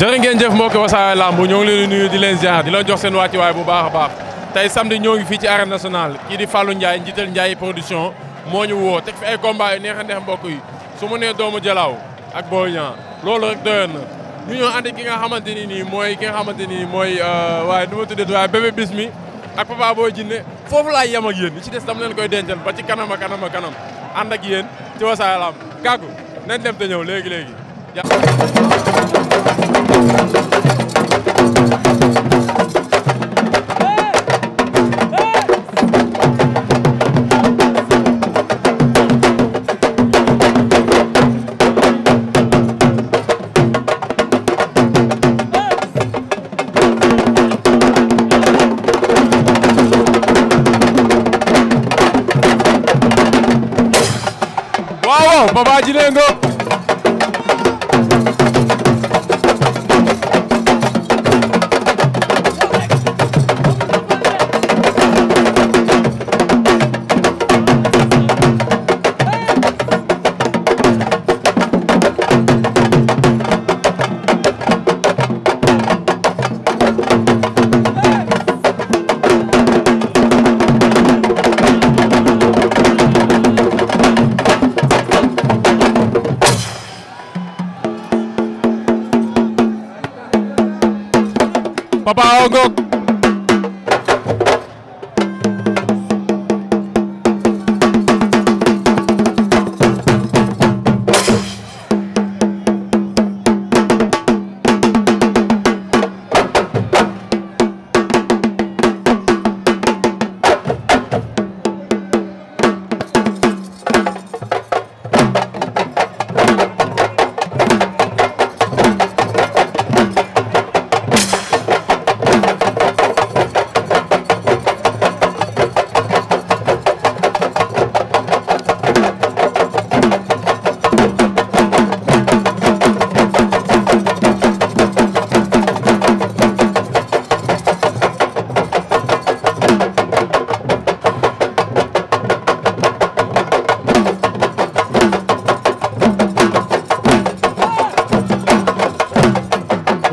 jërë ngeen jëf mbokki wasaare lamb ñoo ngi leen di nuyu di leen ziar di leen jox seen wàccuwaay bu baax a baax tey samedi ñoo ngi fii ci arène nationale kii di Fallou Ndiaye njiital Ndiaye production moo ñu woo te fi ay combat yu neex a neex mbokk yi su ma nee doomu jalaaw ak Boy Niang loolu rek doyoon na ñu ñoo ànd ki nga xamante ni nii mooy ki nga xamante ni mooy euh, waaye nu ma tuddee waaye bébé bis mi ak papa boo jinne foofu laay yem ak yéen li ci des dama leen koy dencal ba ci kanam a kanam a ak yéen ci wasaare lamb gàggu nañ dem te ñëw léegi léegi jilengo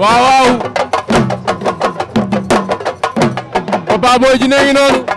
waaw waaw Papa Boy Djiné ngi noonu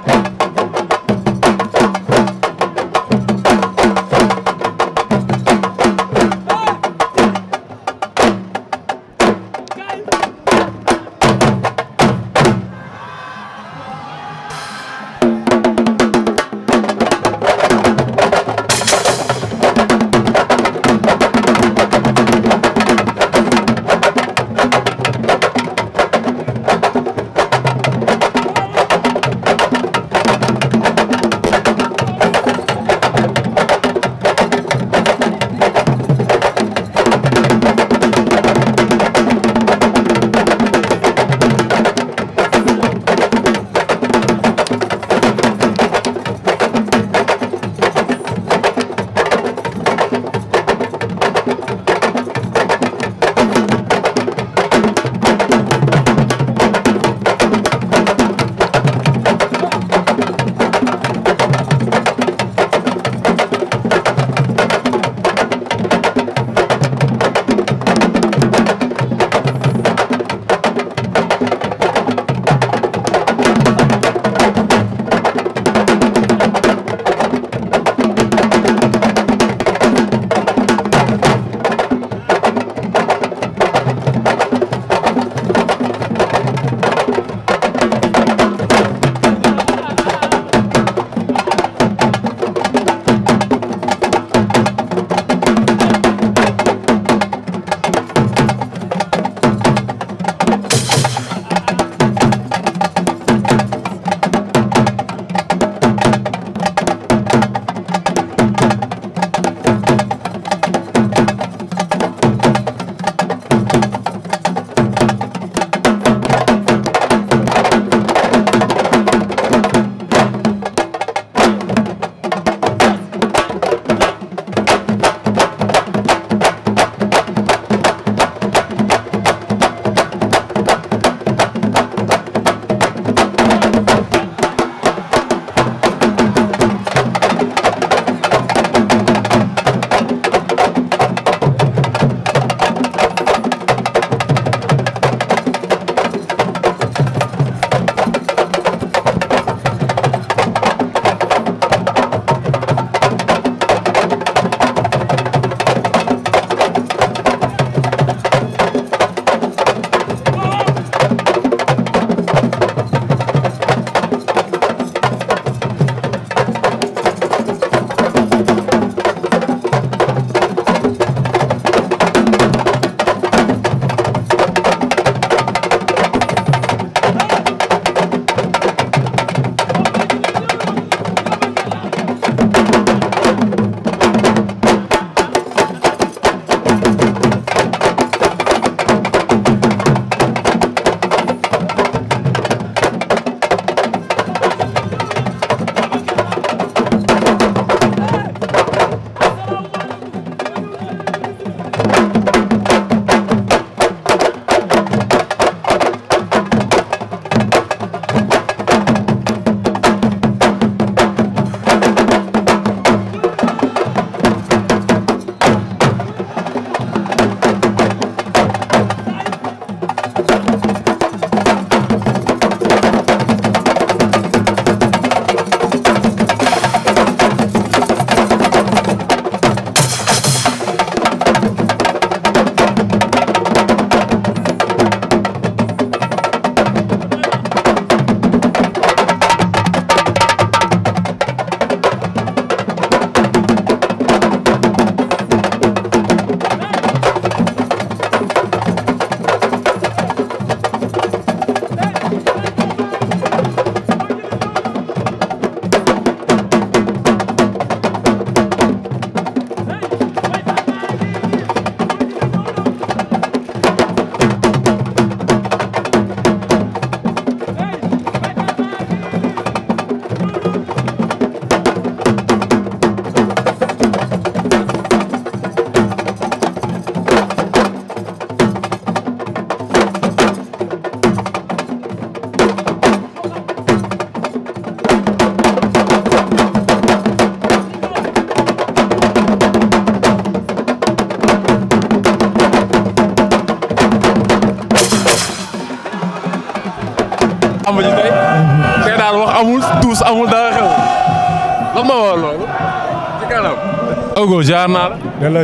ziar naa la. delloo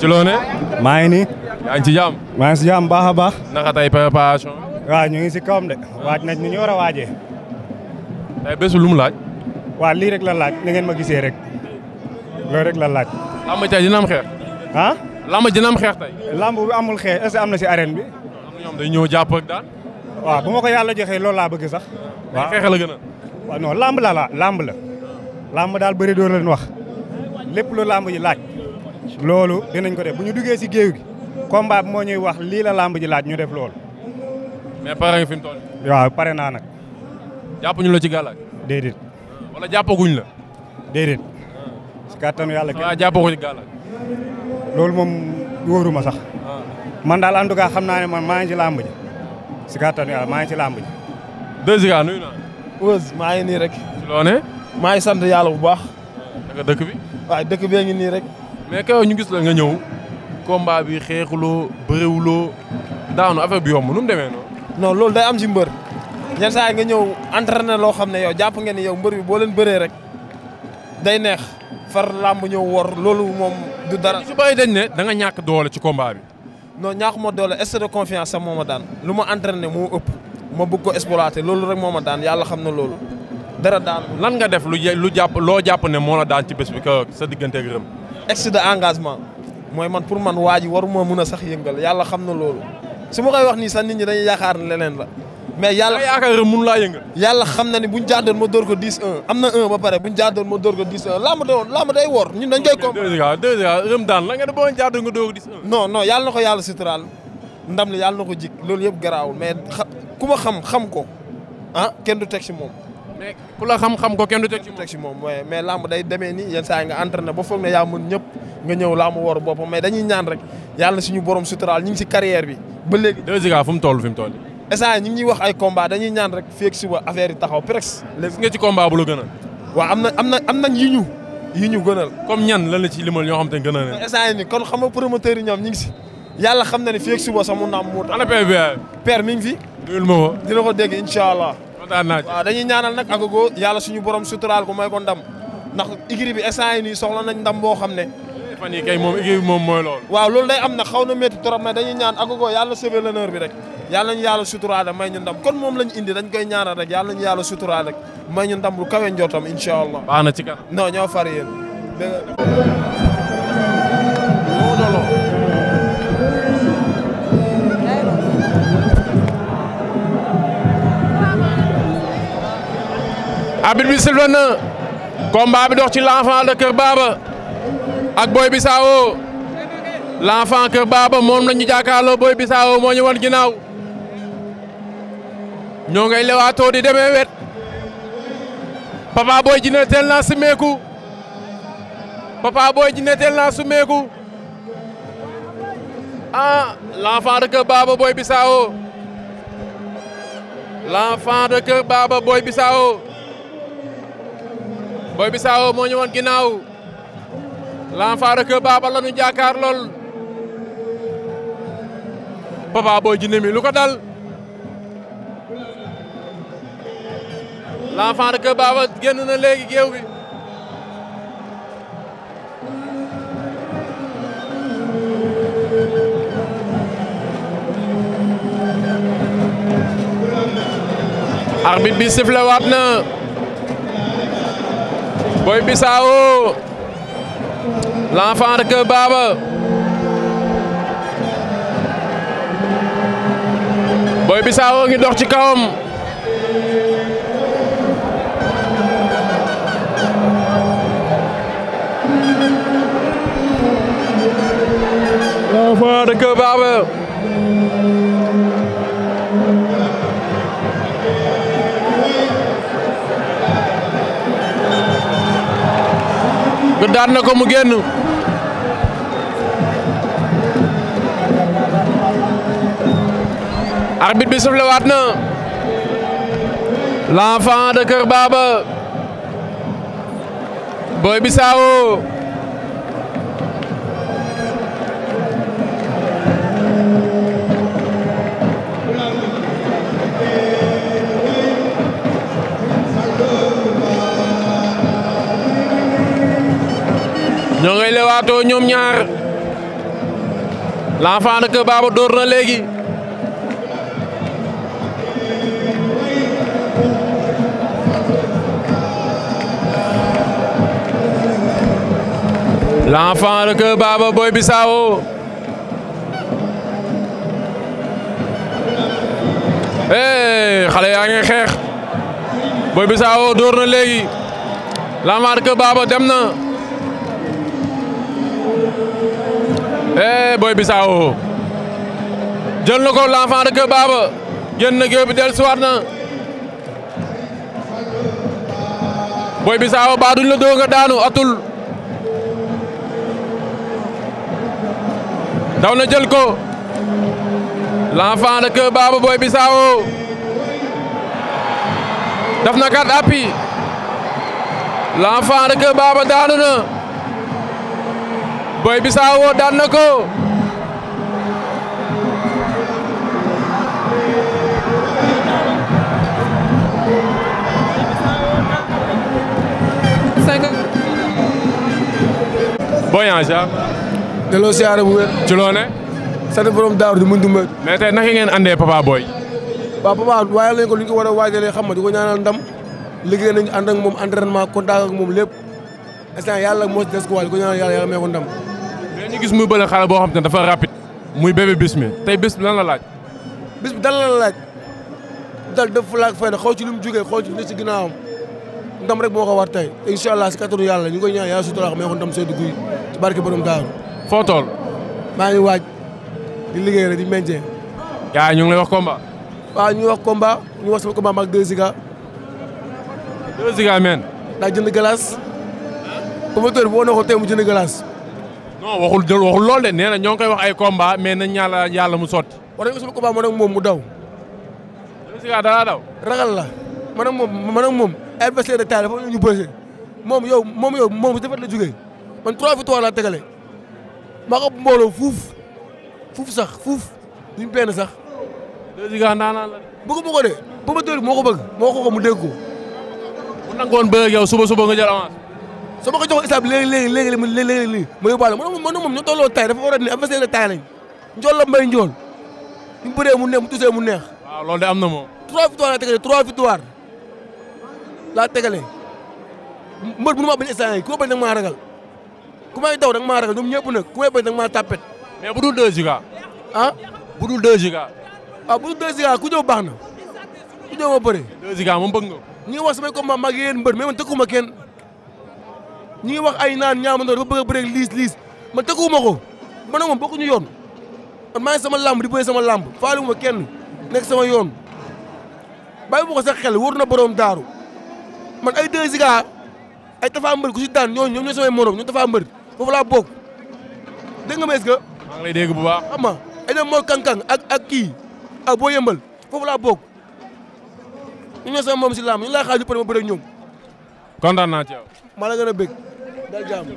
ci loo ne. maa ngi nii. yaa ci jàmm. maa ngi si jàmm baax a baax. ñu ngi si kawam de. waaj nañ ni ñu war a waajee. tey bésu lu mu laaj. waaw lii rek la laaj ni ngeen ma gisee rek. loolu rek la laaj. làmb tey dina am xeex. ah. làmb dina am xeex tey. lamb bi amul xeex est am na si arène bi. am ñoom day ñëw jàpp daal. waaw bu ma ko yàlla joxee loolu laa bëgg sax. waaw xeex la gën a. làmb la la làmb la. làmb daal bëri door wax. lépp lu làmb ji laaj loolu dinañ ko def bu ñu duggee si géew gi combat moo ñuy wax lii la làmb ji laaj ñu def loolu. mais pare nga fi pare naa nag. jàpp ñu la ci gàllaaj. déedéet. wala jàppaguñ la. déedéet. si kàttanu yàlla. waaw ci gàllaaj. loolu moom wóoruma sax. Ah. man daal en tout cas xam naa ne man maa ngi ci làmb ji. si kàttanu yàlla maa ngi ci làmb ji. deux Ziga nii rek. ci loonee. maa ngi sant yàlla bu baax. naka dëkk bi. waaye dëkk bee ngi nii rek. mais kaw ñu gis la nga ñëw combat bi xeexuloo bëriwuloo daanu affaire bi yomb nu mu demee noonu. non loolu day am si mbër ñenn saa yi nga ñëw entraîné loo xam ne yow jàpp ngeen ni yow mbër bi booleen bëree rek day neex far làmb ñëw wor loolu moom du dara. su bàyyi dañ ne da nga ñàkk doole ci combat bi. non ñàkk ma doole excès de confiance moom moo daan lu ma entraîné moo ëpp ma bëgg ko exploité loolu rek moom ma daan yàlla xam na loolu. dara daanu lan nga def lu lu jàpp loo jàpp ne moo la daan ci bés bi sa diggante Reum. excès de engagement mooy man pour man waa ji waruma mun a sax yëngal yàlla xam na loolu su ma koy wax nii sax nit ñi dañuy yaakaar ne leneen la. mais yàlla yaakaar Reum mun laa yëngal. yàlla xam na ni bu ñu jaadoon ma dóor ko 10 1 am na 1 ba pare bu ñu jaadoon ma dóor ko 10 1 laa ma ma day wor ñun dañ koy. comme 2 nga ne boo jaadoon nga dóor ko 10 1. non non yàlla na ko yàlla suturaal ndam li yàlla na ko jik loolu yëpp garaawul mais xa ku ma xam xam ko ah kenn du teg ci moom mais ku la xam-xam ko kenn du teg ci moom mais làmb day demee nii yenn saa yi nga entraîné ba foog ne yaa mën ñëpp nga ñëw làmb wor boppam mais dañuy ñaan rek la na suñu borom suturaal ñu ngi si carrière bi ba léegi. deux Ziga fu mu toll fi mu toll. instant ñu ngi wax ay combat dañuy ñaan rek feeg suba affaire yi taxaw presque. léegi nga ci combat bu la gënal. waaw am na am na am yi ñu yi ñu gënal. comme ñan lan la ci limal ñoo xam te gënal leen. instant yii nii kon xam nga promoteur yi na ma ko dégg incha allah kontaan naa ci waaw dañuy ñaanal nag Agogo yàlla suñu borom suturaal ko may ko ndam ndax igri bi instant yi nii soxla nañ ndam boo xam ne waaw loolu day am nag xaw na métti trop mais dañuy ñaan Agogo yàlla sauver l'honneur bi rek yàlla nañu yàlla suturaal rek may ñu ndam kon moom lañu indi dañ koy ñaanal rek yàlla nañu yàlla suturaal rek may ñu ndam lu kawe njottam incha allah baax na ci arbitre bi sifflé na combat bi dox ci l'enfant de Kër Baba ak Boy Bissao l'enfant Kër Baba moom la ñu jàkkaarloo Boy Bissao moo ñu wan ginnaaw ñoo ngay lewaatoo di demee wet Papa Boy Djiné teel naa sumeeku Papa Boy Djiné teel naa sumeeku ah l'enfant Kër Baba Boy Bissao Boy Bissau moo ñu woon ginnaaw l'enfant rekk Baba la ñu jàkkaar lool Papa Boy Djiné mi lu ko dal l'enfant rekk Baba génn na léegi géew bi arbitre bi sifflé waat na Boy Bissau l'enfant de Baba Boy ngi dox ci kawam bi na ko mu génn arbitre bi sufle na l'enfant de Kër Baba Boy Bissau ñoo ngay lewaatoo ñoom ñaar l'enfant de Kër Baba na léegi l'enfant de Kër Baba Boy Bissau eh xale yaa ngi xeex Boy Bissau dóor na léegi l'enfant de Kër dem na. eh Boy Bissau jël na ko l'enfant de Gueule génn na bi dellusiwaat na Boy Bissau ba duñ la doo nga daanu atul daw na jël ko l'enfant de Gueule Baba Boy Bissau kat appi l'enfant de Gueule daanu na Boy Bissau daan na ko Boy Niang delloo siyaare bu wér ci loo ne sant borom daaru di mëntu mbër mais tey naka ngeen andee Papa Boy waaw Papa waajal nañ ko li ñu ko war a waajalee xam nga di ko ñaanal ndam liggéey nañu ànd ak moom entraînement contact ak moom lépp instant yàlla moo des ko waaj di ko ñaanal yàlla yàlla may ko ndam ñu gis muy bële xale boo xam te ne dafa rapide muy Bébé Bismi tey bés bi lan la laaj. bis bi dal la laaj dal def fulaak fayda xaw ci li mu jógee xaw ci li ci ginnaawam ndam rek moo ko war tey incha allah si kattanu yàlla ñu koy ñaan yaa sutura xam ne ko ndam Seydou Guèye ci barke borom Daaru. foo tool. maa ngi waaj di liggéey rek di meññee. yaa ñu ngi lay wax combat. waaw ñu ngi wax combat ñu wax sama combat maag 2 Ziga. 2 Ziga jënd glace. promoteur bi woo na ko tey mu jënd glace. non waxul waxul lool de nee na ñoo wax ay combat mais nañ ñaala yàlla mu sotti. war nañu ko sama combat man ak moom mu daw. Lamine Sika dara daw. ragal la man ak moom man ak moom adversaire de taille dafa ñu bëri la jógee man trois victoires laa tegale maa ko mbooloo fuuf fuuf sax fuuf duñ benn sax. Lamine Sika naanaan la. bëggu ma ko de promoteur bi moo ko bëgg moo ko ko mu dégg ko. bu nangoon suba suba nga jël soo ma ko joxoon stade bi léegi ne ma ne moom ñu tolloo mu neex mu tusee mu neex. waaw loolu de am na moom. trois victoires laa tegale trois victoires laa tegale mbër bu nu ma bañ stade yi ku ma bañ nag maa ragal ku may daw nag maa ragal ñoom ñëpp nag ku may bañ nag maa tàppet. mais bu dul deux giga. ah bu dul ah, ku baax na ku ñëw ma bëre. deux giga ñi ngi wax ay naan ñaamandoor ba bëgg a bëreeg liis liis ma tëkkuwuma ko man ak moom bokkuñu yoon man maa sama làmb di bëre sama làmb faaluwuma kenn nekk sama yoon bàyyi ma ko sax xel wóor na borom daaru man ay deux Ziga ay Tapha Mbeur ku si daan ñooñu ñoom ñoo samay morom ñoom Tapha Mbeur foofu laa bokk dégg ma est-ce que. maa ay dem Mor Kankang ak kii ak Boy Yeumbeul foofu laa bokk ñoom ñoo sama morom si làmb ñu laa xaaju pare ma bëre ñoom. kontaan naa ci yow. a bëgg. dal jàmm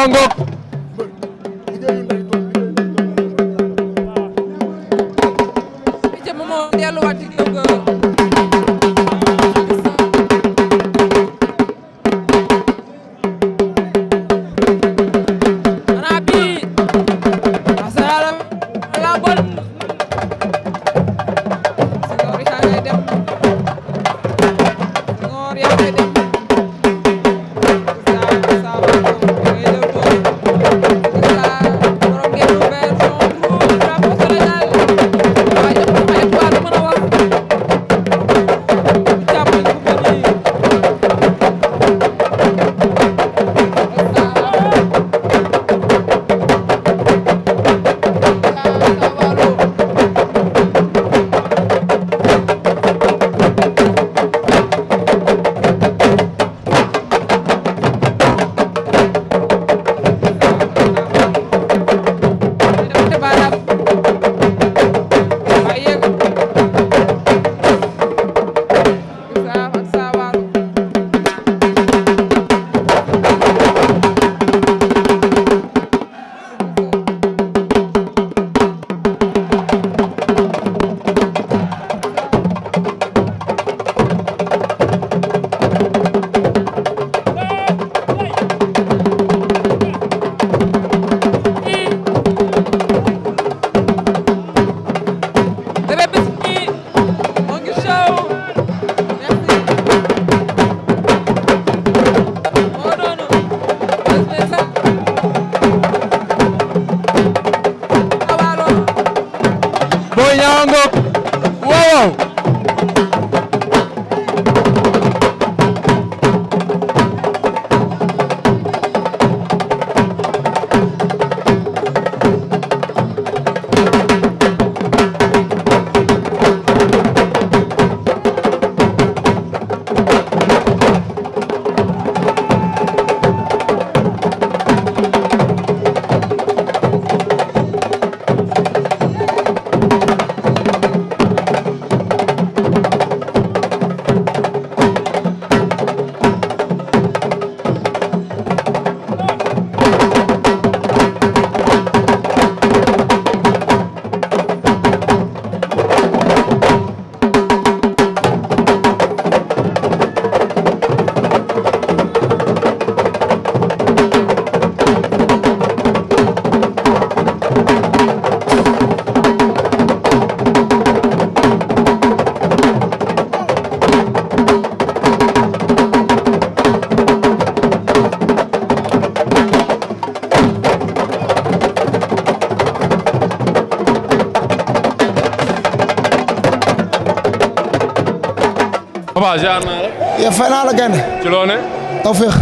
baa ngoog ci loo ne. tawféex.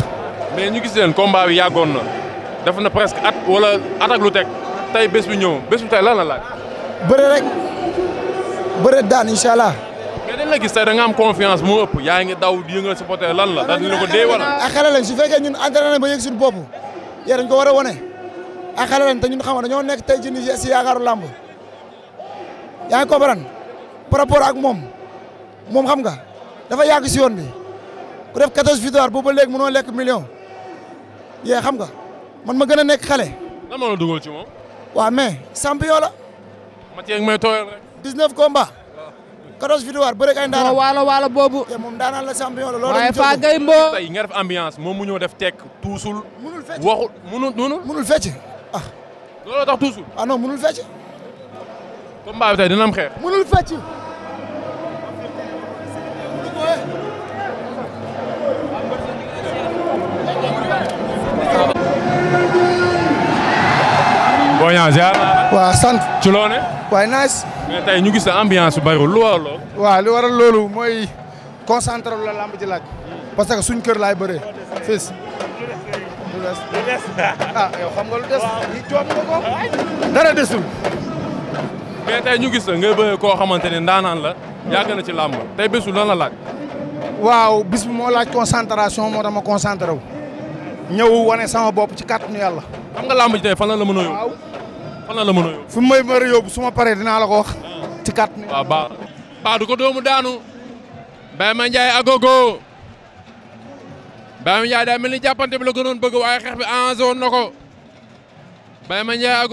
mais ñu gis leen combat bi yàggoon na def na presque at wala at ak lu teg tey bés bu ñëw bés bu tey lan la laaj. bëre rek bëre daan incha allah. mais dañ la gis tey am confiance mu ëpp yaa ngi daw yëngal supporter lan la dañ la ko dee wala. a xale lañ su fekkee ñun entraîné nañ ba yëg suñu bopp yéen dañ ko war a wane ak xale lañ te ñun xam nga dañoo nekk tey ci nii si yaakaaru làmb yaa ngi comprendre par rapport ak moom moom xam nga dafa yàgg si yoon bi. ku def 14 victoire boobu ba léegi mënoo lekk million yee xam nga man ma gën a nekk xale. lan moo la dugal ci moom. waaw mais champion la. ma cee may tooyal rek. 19 combats. 14 victoire bëre ak ay ndaanaan waalo waalo boobu. te moom daanaan la champion la loolu waaye Faa Gueye Mbow. tey nga moom mu ñëw def tekk tuusul. munul mu waxul munul munul. munul fecc ah. looloo tax tuusul. ah non munul fecc. combat bi tey dina xeex. boo ñaaw ziar. waaw sant. ci loo ne. waay nice. mais tey ñu gis sa ambiance su bariwul lu waral loolu. li waral loolu mooy concentré la lamb ji laaj. parce que suñ kër laay bëree. fils. lu des lu des. ah yow xam nga lu des. lii nga ko. dara desul. mais tey ñu gis ngay bëree koo xamante ne ndaanaan la. yàgg na ci làmb tey bésu lan la laaj. waaw bis bi moo laaj concentration moo dama concentré wu. ñëw wane sama bopp ci kàttanu yàlla. xam nga làmb ji tey fan la la mën a yóbbu. a yóbbu. fu may mën yóbbu su ma paree dinaa la ko wax. Ah. kat ne waaw ko doomu daanu. Baye Ma Ndiaye agogo. Baye Ma Ndiaye daa mel ni jàppante bi la gënoon bëgg waaye xeex bi enjeu woon na ko. Baye Ma Ndiaye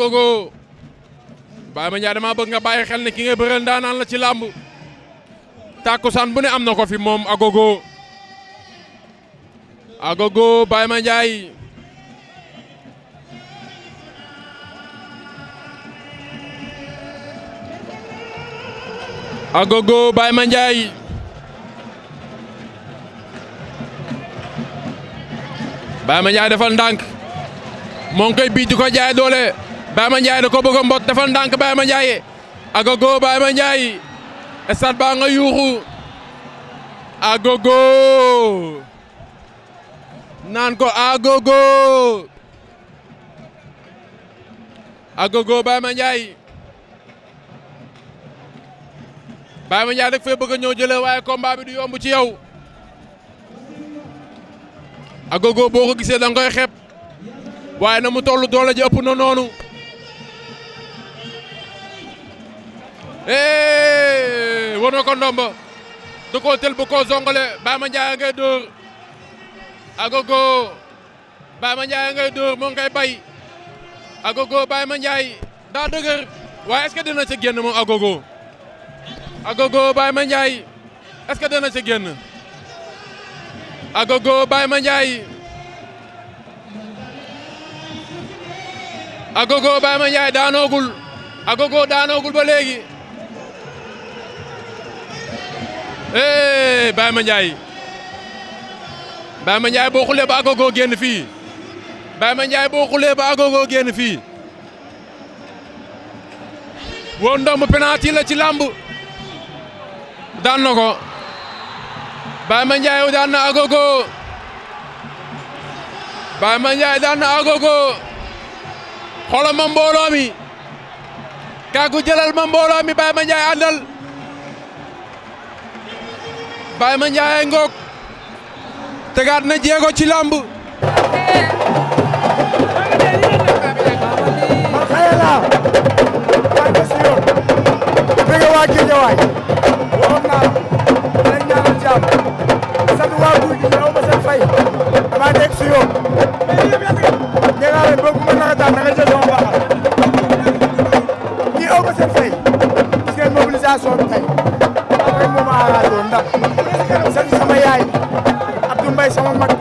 Ma Ndiaye damaa bëgg nga bàyyi xel ne ki nga bëreel daanaan la ci làmb. tàkkusaan bu ne am na ko fi moom agogo. agogo Baye Ma Agogo Baye Mandiaye Baye Mandiaye defal ndànk moo ngi koy biij di ko jaay doole Baye Mandiaye da ko bëgg a mbot defal ndànk Baye Mandiaye Agogo Baye Mandiaye stade baa nga yuuxu Agogo naan ko Agogo Agogo Baye Mandiaye Baye Mandiaye nag fee bëgg a ñëw jëlee waaye combat bi du yomb ci yow Agogo boo ko gisee da nga koy xeeb waaye na mu toll doole ji ëpp na noonu war na ko ndomba ko koo tël ma koo zongale Baye Mandiaye ngay dóor Agogo Baye Mandiaye ngay dóor moo ngay bay Agogo Baye Mandiaye daa dëgër waaye est dina ca génn moom Agogo Agogo Baye Mandiaye est-ce que dana ca génn Agogo Baye Mandiaye Agogo Baye Mandiaye daanoogul Agogo daanoogul ba léegi eh Baye Mandiaye Baye Mandiaye boo xoolee ba Agogo génn fii Baye Mandiaye boo xoolee doomu penalty ci làmb daan na ko ma Mandiaye daan Agogo Baye Mandiaye daan na Agogo xoolal ma mbooloo mi kàggu jëlal ma mbooloo ma Baye Mandiaye àndal Baye Mandiaye ngoog tegaat na jéego ci làmb Marxayala waa Géejawaay waxoon naa dinañ ñaanal jàmm sant waa guy gi ñëw ba fay damaa nekk si yoon nee naa leen boobu ma naka daan naka jël sama baaxal ñi aw ba seen fay gis ngeen mobilisation bi tey rek sama mag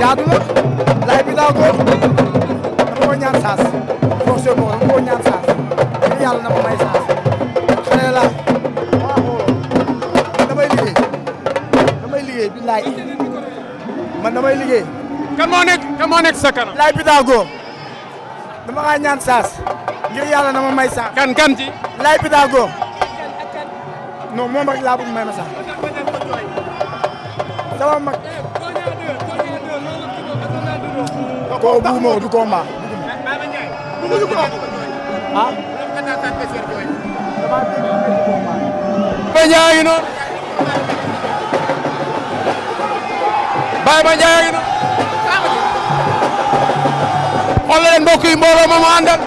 jaadu na laay bi daa góor dama ko ñaan saas forcé ko dama saas ngir yàlla na ma may saas xale la waaw damay liggéey damay liggéey bi laay man damay liggéey moo sa kanam laay bi daa góor kaa ñaan saas ngir yàlla na ma may saas kan kan ci laay bi daa góor non may ma saas koo buumoo du ko ah. Baye Mandiaye a ngi noonu. Baye Mandiaye a ngi noonu. xool leen mbokk yi mbooloo moomu àndal.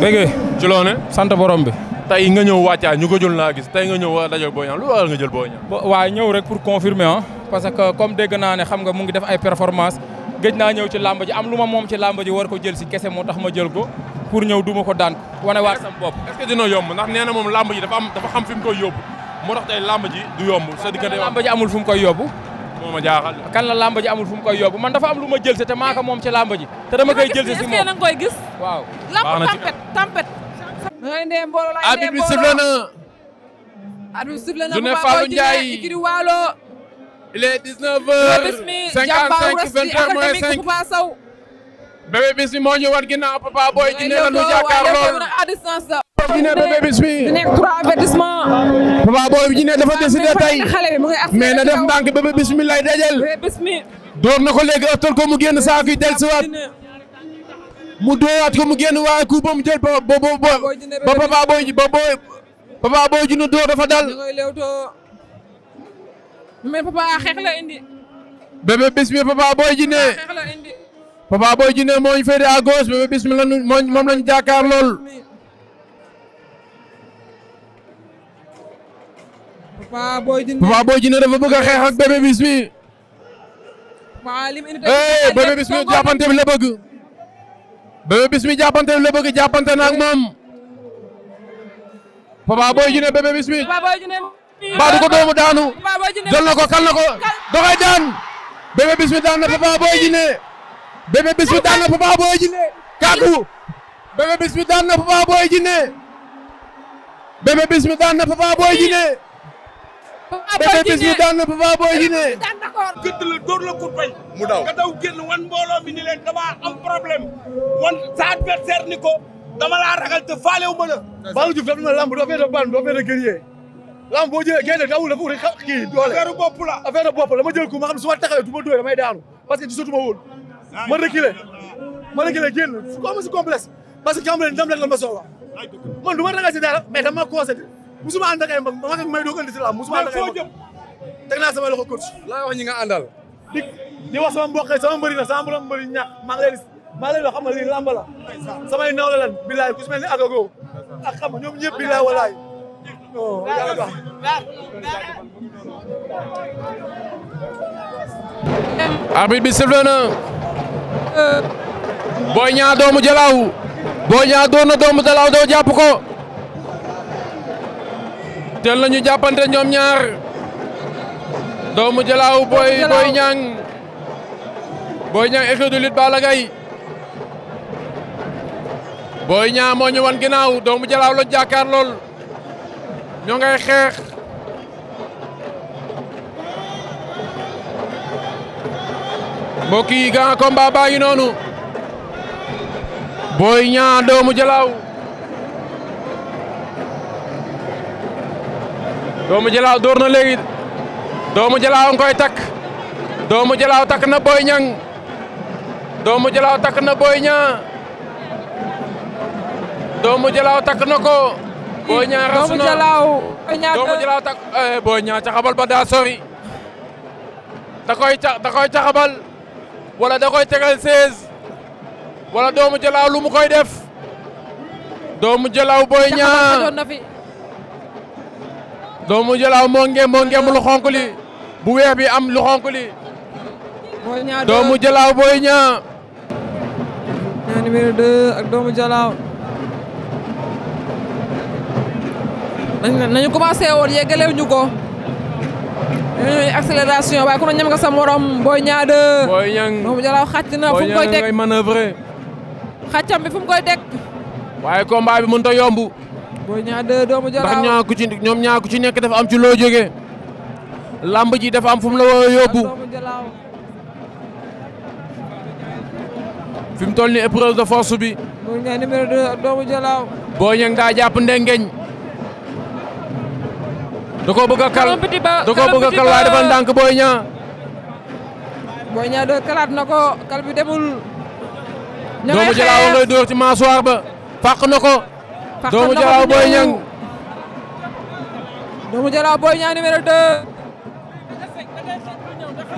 Bégué ci loo sant borom bi. tey nga ñëw wàccaa ñu ko jël naa gis tey nga ñëw waa dajal Boy Niang lu waral nga jël Boy Niang. waaw ñëw rek pour confirmer ah. parce que comme dégg naa ne xam nga mu ngi def ay performance gëj naa ñëw ci làmb am lu ma moom ci làmb war ko jël kese moo tax ma jël ko pour ñëw duma ko daan wane waat sama dina yomb ndax nee moom làmb dafa xam fi koy yóbbu moo tax tey làmb du yomb sa diggante làmb ji amul la làmb ji amul fu koy yóbbu man dafa am lu ma jël te maa moom ci làmb te dama koy jël si moom est-ce que koy gis waaw làmb tampet tampet arbitre bi sifle na arbitre bi il est 19h55 20h moins 5 bébé Bismi moo ñu war ginnaaw Papa Boy Djiné la ñu jàkkaarloo Djiné bébé Bismi Papa Boy Djiné dafa ah, décidé tey mais na def ndànk bébé Bismi lay door na ko léegi ëttal ko mu génn saako yi dellusiwaat mu doowaat ko mu génn waaye ku mu jël ba ba ba Papa Boy ba Papa Boy Djiné door dafa mais papa ah, xeex la indi. bébé bismi papa booy jinne. Ah, xeex la indi. papa booy jinne moo ñu féete à gauche bébé bismi lañu moom lool. papa booy papa booy jinne dafa bëgg a xeex ak bébé bismi. waaw lim bismi jàppante bi la bëgg. bébé bismi jàppante bi bëgg jàppante na ak moom. papa booy jinne bébé bismi. mbaa du ko doomu daanu jël na ko kal na ko doxay daan Bébé Bismi daan na Papa Boy Djiné Bébé Bismi daan na Papa Boy Djiné kàddu Bébé Bismi daan na Papa Boy Djiné Bismi daan na Papa Boy Djiné Bébé la dóor la ko bañ mu wan mbooloo mi ni leen dama am problème wan sa adversaire ni ko dama laa ragal te faalewu ma la ju fekk na lamb doo fee lamb boo jëlee génne dawul dafa wute kii doole affaire bopp la affaire bopp ma jël ko ma xam ne su ma taxawee du ma doy damay daanu parce que gisatuma woon ma reculé ma reculé génn su ko si complexe parce que xam nga ndam rek la ma soxla man du ma ragal si dara mais dama conseillé musuma ànd ak ay mag mag ak may doog andi si lamb musuma ànd ak ay naa sama loxo coach laa wax ñi nga àndal di di wax sama mbokk sama mbëri na sama borom ña ma maa ngi leen maa ngi leen xam nga lii làmb la samay naw la si mel ni agago ak xam nga ñoom ñëpp bilaay walaay non yàlla baax arbitre bi sifflé na Boy doomu Jalaaw Boy Niang doon doomu Jalaaw doo jàpp ko jël nañu jàppante ñoom ñaar doomu Jalaaw Boy Boy Niang Boy Niang écurie de lutte Balla Gaye Boy Niang moo ñu wan ginnaaw doomu Jalaaw la jàkkaar lool ñoo ngay xeex mbokk yi grand combat baa noonu Boy ñaa doomu Jalaaw doomu Jalaaw dóor na léegi doomu Jalaaw nga koy takk doomu Jalaaw takk na Boy Niang doomu Jalaaw takk na Boy Niang doomu Jalaaw takk na ko Boy Niang ras na doomu euh, Jalaaw doomu eh, caxabal ba daa sori koy ca da koy caxabal wala da koy tegal 16 wala doomu Jalaaw lu mu koy def doomu Jalaaw Boy Niang doomu Jalaaw moo ngeem lu xonk bu weex bi am lu xonk li doomu Jalaaw Boy Niang. ñaa numéro 2 ak doomu Jalaaw. nañu commencé woon yeggalew ñu ko ñooñu accélération waaye ku ne ñam nga sa morom Boy ñaar 2. Boy Niang moomu Jalaw xàcc na fu mu koy teg Boy Niang ngay bi fu mu teg. waaye combat bi mënut a yomb. Boy Niang 2 ñaa ku ci ñoom ñaa ku ci nekk dafa am ci loo jógee. lamb ji dafa am fu mu la war a yóbbu. fi mu toll ni épreuve de force bi. Boy Niang numéro 2 doomu Jalaw. Boy Niang daa jàpp ndengeñ. da koo bëgg a da koo ndànk Boy Niang. Boy Niang doo kalaat na ko kal bi demul. doomu Jalaaw ngay dóor ci mâchoire ba fàq na ko. fàq doomu Jalaaw Boy Niang.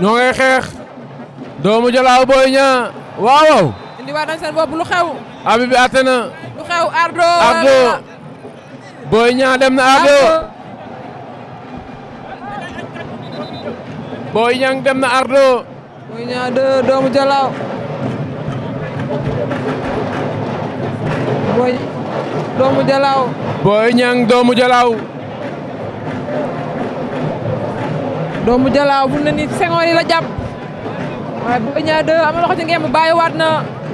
ñoo ngay xeex. doomu Jalaaw Boy Niang waaw waaw. indiwaat nañ seen bopp lu xew. abi bi àtte na. Ardo Ardo. Boy dem na Ardo. Boy Niang dem na Ardo. Boy Niang de doomu Jalaaw. Boy doomu Jalaaw. Boy Niang doomu Jalaaw. doomu Jalaaw bu ne nii sengoor yi la jàpp waaye Boy Niang de am na loxo ci ngeen mu na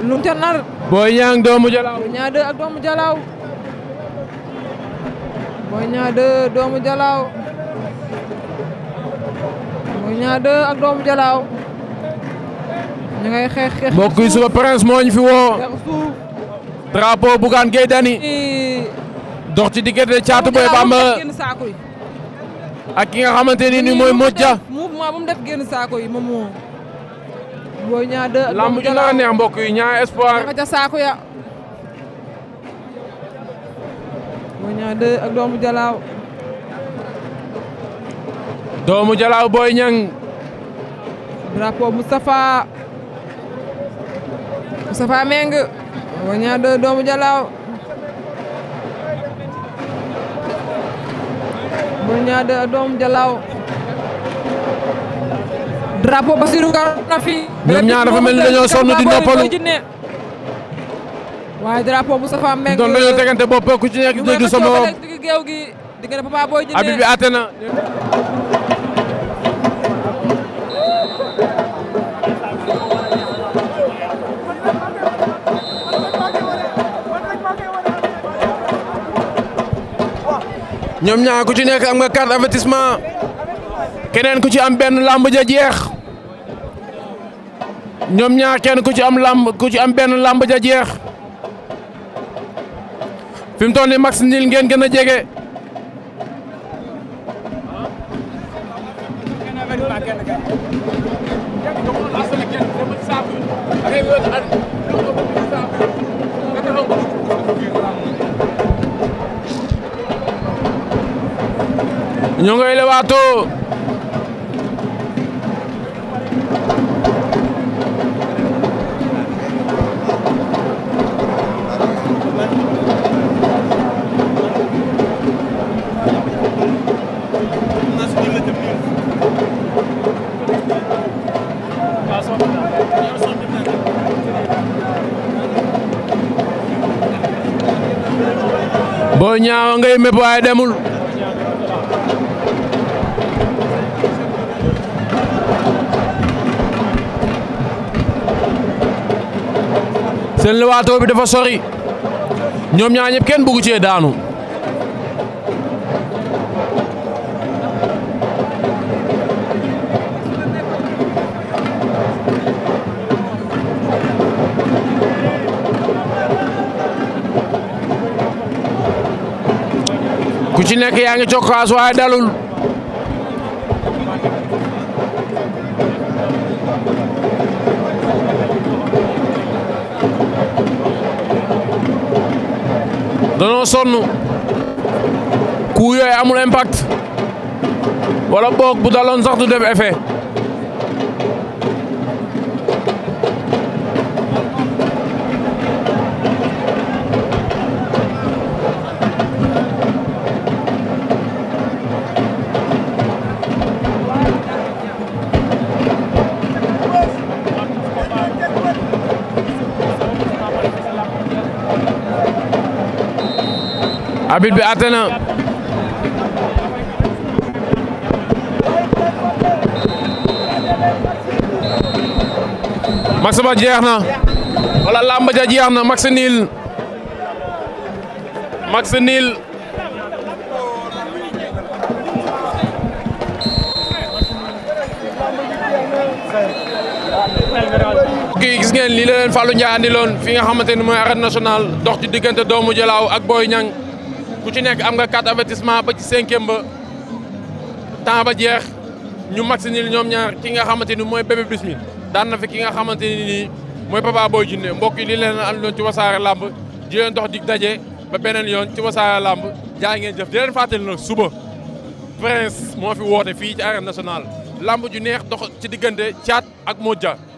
lu mu nar. doomu Jalaaw. Boy Niang de doomu Jalaaw. muy ñaar deux ak doomu Jalaaw. ñu xeex xeex mbokk suba prince moo fi woo. drapeau Bougane Gueye dox ci diggante caatu booy Bambara ak ki nga xamante ni nii mooy Modja. mouvement bu mu def génn saako yi moom ñaa booy ñaar deux ak saako ya. ak doomu Jalaaw. doomu Jalaaw Boy Niang drapeau Moustapha Moustapha Meng wañaa do doomu Jalaaw wañaa do doomu Jalaaw drapeau Basirou Karona fi mel ni dañoo sonn di noppalu waaye drapeau Moustapha Meng doon dañoo tegante bopp ku ci nekk dégg sama digg géew gi diggante Papa Boy Djiné abi bi àtte na ñoom ñaar ku ci nekk am nga carte avertissement keneen ku ci am benn làmb ja jeex ñoom ñaar kenn ku ci am làmb ku ci am benn làmb ja jeex fi mu toll nii max nil ngeen gën a jege. lewaatoo Boy Niang ngay mépp waaye demul seen lewaatoo bi dafa sori ñoom ñaar ñëpp kenn bëggu daanu ku ci nekk yaa ngi cokkaas waaye dalul danoo sonn ku yooyu amul impact wala book bu daloon sax du def effet. arbitre bi àtte na max ba jeex na wala làmb ja na max niil max niil kii gis ngeen lii la leen Fallou Ndiaye fi nga xamante ni mooy arène national dox ci diggante doomu Jalaaw ak Boy Niang ku ci nekk am nga quatre avertissement ba ci cinquième ba temps ba jeex ñu max ñoom ñaar ki nga xamante ni mooy Bébé Bismi daan na fi ki nga xamante ni nii mooy Papa Boy Djiné mbokk yi li leen àndoon ci Wassare Lamb di leen dox di daje ba beneen yoon ci Wassare làmb jaa ngeen jëf di leen fàttali nag suba Prince moo fi woote fii ci arène nationale lamb ju neex dox ci diggante caat ak Modja